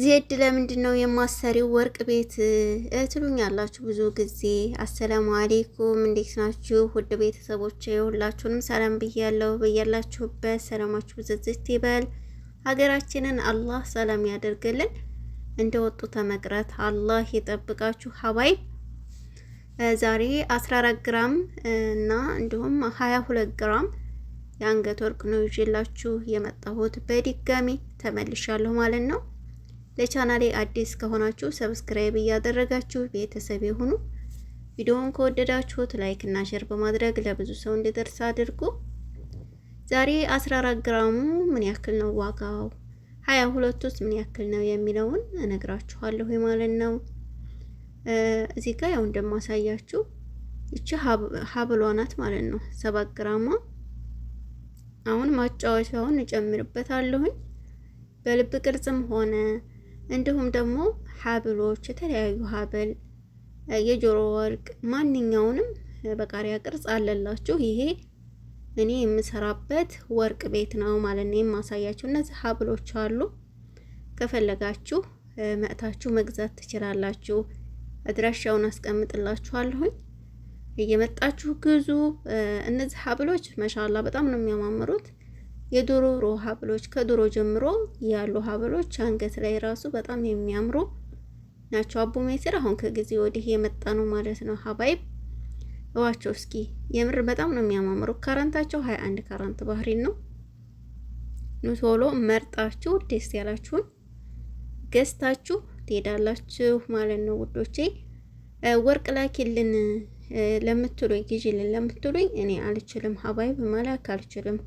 ዜድ ለምንድን ነው የማሰሪው ወርቅ ቤት ያላችሁ ብዙ ጊዜ። አሰላሙ አሌይኩም እንዴት ናችሁ ውድ ቤተሰቦች? ሁላችሁንም ሰላም ብያለሁ። በያላችሁበት ሰላማችሁ ብዝዝት ይበል። ሀገራችንን አላህ ሰላም ያደርግልን። እንደ ወጡ ተመቅረት አላህ የጠብቃችሁ ሀባይ ዛሬ 14 ግራም እና እንዲሁም 22 ግራም የአንገት ወርቅ ነው ይዤላችሁ የመጣሁት። በድጋሚ ተመልሻለሁ ማለት ነው። ለቻናሌ አዲስ ከሆናችሁ ሰብስክራይብ እያደረጋችሁ ቤተሰብ የሆኑ ቪዲዮውን ከወደዳችሁት ላይክ እና ሼር በማድረግ ለብዙ ሰው እንዲደርስ አድርጉ። ዛሬ 14 ግራሙ ምን ያክል ነው ዋጋው፣ 22 ውስጥ ምን ያክል ነው የሚለውን እነግራችኋለሁ ማለት ነው። እዚህ ጋር ያው እንደማሳያችሁ ይቺ ሀብሏ ናት ማለት ነው፣ 7 ግራሟ። አሁን ማጫወቻውን እጨምርበታለሁኝ በልብ ቅርጽም ሆነ እንዲሁም ደግሞ ሀብሎች፣ የተለያዩ ሀብል፣ የጆሮ ወርቅ ማንኛውንም በቃሪያ ቅርጽ አለላችሁ። ይሄ እኔ የምሰራበት ወርቅ ቤት ነው ማለት ነው የማሳያችሁ። እነዚህ ሀብሎች አሉ። ከፈለጋችሁ መጥታችሁ መግዛት ትችላላችሁ። አድራሻውን አስቀምጥላችኋለሁኝ እየመጣችሁ ግዙ። እነዚህ ሀብሎች መሻላ በጣም ነው የሚያማምሩት። የድሮ ሀብሎች ከድሮ ጀምሮ ያሉ ሀብሎች አንገት ላይ ራሱ በጣም የሚያምሩ ናቸው። አቡ ሜሲር አሁን ከጊዜ ወዲህ የመጣ ነው ማለት ነው። ሀባይብ እዋቸው እስኪ የምር በጣም ነው የሚያማምሩ። ካረንታቸው 21 ካረንት ባህሪ ባህሪን ነው። ቶሎ መርጣችሁ ደስ ያላችሁን ገዝታችሁ ትሄዳላችሁ ማለት ነው ውዶቼ። ወርቅ ላኪልን ለምትሉኝ ግዢልን ለምትሉኝ እኔ አልችልም ሀባይብ መላክ አልችልም።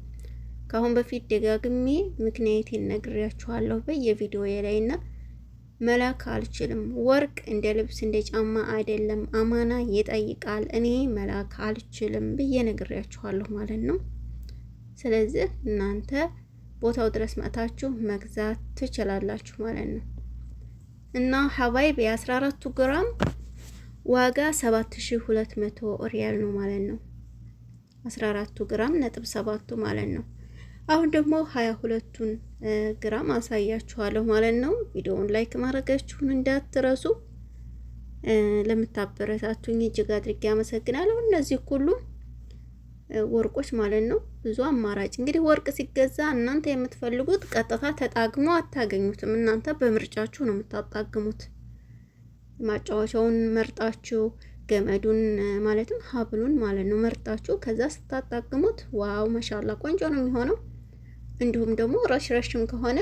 ከአሁን በፊት ደጋግሜ ምክንያቴን ነግሬያችኋለሁ በየቪዲዮ ላይ እና መላክ አልችልም። ወርቅ እንደ ልብስ እንደ ጫማ አይደለም፣ አማና ይጠይቃል። እኔ መላክ አልችልም ብዬ ነግሬያችኋለሁ ማለት ነው። ስለዚህ እናንተ ቦታው ድረስ መጥታችሁ መግዛት ትችላላችሁ ማለት ነው እና ሀባይ በ 14 ቱ ግራም ዋጋ 7200 ሪያል ነው ማለት ነው። 14ቱ ግራም ነጥብ ሰባቱ ማለት ነው። አሁን ደግሞ ሀያ ሁለቱን ግራም አሳያችኋለሁ ማለት ነው። ቪዲዮውን ላይክ ማድረጋችሁን እንዳትረሱ። ለምታበረታቱኝ እጅግ አድርጌ አመሰግናለሁ። እነዚህ ሁሉ ወርቆች ማለት ነው። ብዙ አማራጭ እንግዲህ ወርቅ ሲገዛ እናንተ የምትፈልጉት ቀጥታ ተጣግሞ አታገኙትም። እናንተ በምርጫችሁ ነው የምታጣግሙት። ማጫወቻውን መርጣችሁ ገመዱን ማለትም ሀብሉን ማለት ነው መርጣችሁ ከዛ ስታጣግሙት ዋው መሻላ ቆንጆ ነው የሚሆነው። እንዲሁም ደግሞ ረሽረሽም ከሆነ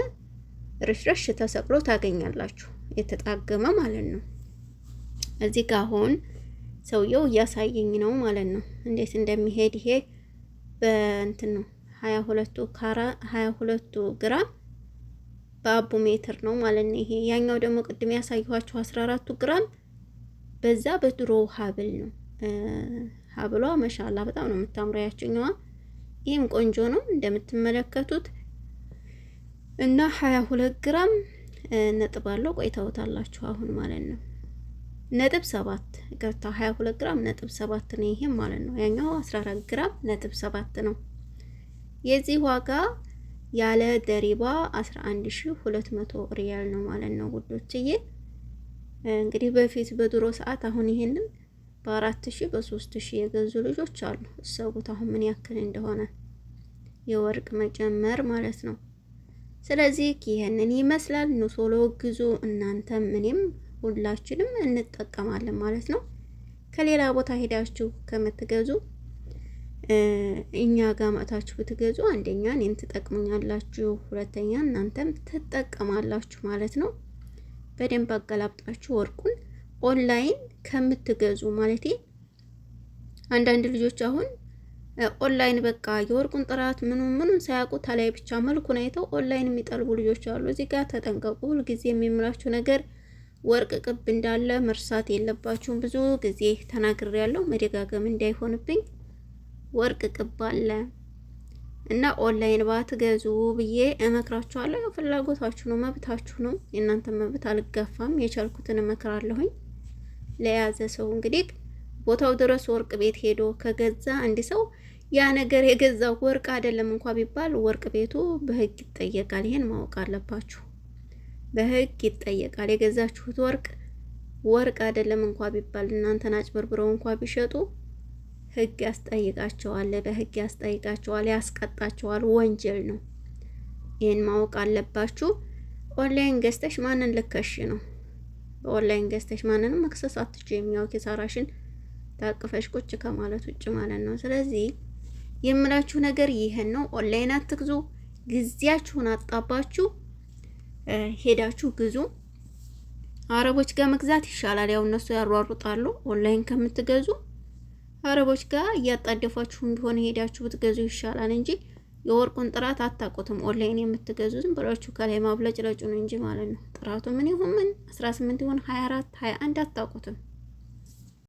ረሽረሽ ተሰቅሎ ታገኛላችሁ። የተጣገመ ማለት ነው። እዚህ ጋ አሁን ሰውየው እያሳየኝ ነው ማለት ነው እንዴት እንደሚሄድ ይሄ በእንትን ነው ሀያ ሁለቱ ካራ ሀያ ሁለቱ ግራም በአቡ ሜትር ነው ማለት ነው። ይሄ ያኛው ደግሞ ቅድም ያሳየኋችሁ አስራ አራቱ ግራም በዛ በድሮ ሀብል ነው። ሀብሏ መሻላ በጣም ነው የምታምረው ያችኛዋ ይህም ቆንጆ ነው እንደምትመለከቱት እና 22 ግራም ነጥብ አለው። ቆይታውታላችሁ አሁን ማለት ነው ነጥብ ሰባት ይቅርታ 22 ግራም ነጥብ ሰባት ነው ይሄም ማለት ነው። ያኛው 14 ግራም ነጥብ ሰባት ነው። የዚህ ዋጋ ያለ ደሪባ 11200 ሪያል ነው ማለት ነው ውዶችዬ። እንግዲህ በፊት በድሮ ሰዓት አሁን ይሄንን በ4000 በ3000 የገዙ ልጆች አሉ። እሰቡት አሁን ምን ያክል እንደሆነ የወርቅ መጨመር ማለት ነው። ስለዚህ ይህንን ይመስላል ኑሶሎ ግዙ። እናንተም እኔም ሁላችንም እንጠቀማለን ማለት ነው። ከሌላ ቦታ ሄዳችሁ ከምትገዙ እኛ ጋር መጥታችሁ ብትገዙ አንደኛ እኔን ትጠቅሙኛላችሁ፣ ሁለተኛ እናንተም ትጠቀማላችሁ ማለት ነው። በደንብ አገላብጣችሁ ወርቁን ኦንላይን ከምትገዙ ማለት አንዳንድ ልጆች አሁን ኦንላይን በቃ የወርቁን ጥራት ምኑን ምኑን ሳያውቁ ተላይ ብቻ መልኩን አይተው ኦንላይን የሚጠልቡ ልጆች አሉ። እዚህ ጋር ተጠንቀቁ። ሁልጊዜ የሚምላችሁ ነገር ወርቅ ቅብ እንዳለ መርሳት የለባችሁም። ብዙ ጊዜ ተናግሬ ያለው መደጋገም እንዳይሆንብኝ ወርቅ ቅብ አለ እና ኦንላይን ባትገዙ ብዬ እመክራችኋለሁ። ያው ፍላጎታችሁ ነው፣ መብታችሁ ነው። የእናንተ መብት አልጋፋም። የቻልኩትን እመክራለሁኝ። ለያዘ ሰው እንግዲህ ቦታው ድረስ ወርቅ ቤት ሄዶ ከገዛ አንድ ሰው ያ ነገር የገዛው ወርቅ አይደለም እንኳ ቢባል ወርቅ ቤቱ በህግ ይጠየቃል። ይሄን ማወቅ አለባችሁ። በህግ ይጠየቃል። የገዛችሁት ወርቅ ወርቅ አይደለም እንኳ ቢባል እናንተን አጭበርብረው እንኳ ቢሸጡ ህግ ያስጠይቃቸዋል። በህግ ያስጠይቃቸዋል፣ ያስቀጣቸዋል። ወንጀል ነው። ይህን ማወቅ አለባችሁ። ኦንላይን ገዝተሽ ማንን ልከሽ ነው? በኦንላይን ገዝተሽ ማንንም መክሰስ አትችይም። ያው ኪሳራሽን ታቅፈሽ ቁጭ ከማለት ውጭ ማለት ነው። ስለዚህ የምላችሁ ነገር ይሄን ነው። ኦንላይን አትግዙ። ጊዜያችሁን አጣባችሁ ሄዳችሁ ግዙ። አረቦች ጋር መግዛት ይሻላል። ያው እነሱ ያሯሩጣሉ። ኦንላይን ከምትገዙ አረቦች ጋር እያጣደፋችሁም ቢሆን ሄዳችሁ ብትገዙ ይሻላል እንጂ የወርቁን ጥራት አታውቁትም። ኦንላይን የምትገዙ ዝም ብላችሁ ከላይ ማብለጭለጩ ነው እንጂ ማለት ነው። ጥራቱ ምን ይሁን ምን 18 ይሁን 24 21 አታውቁትም።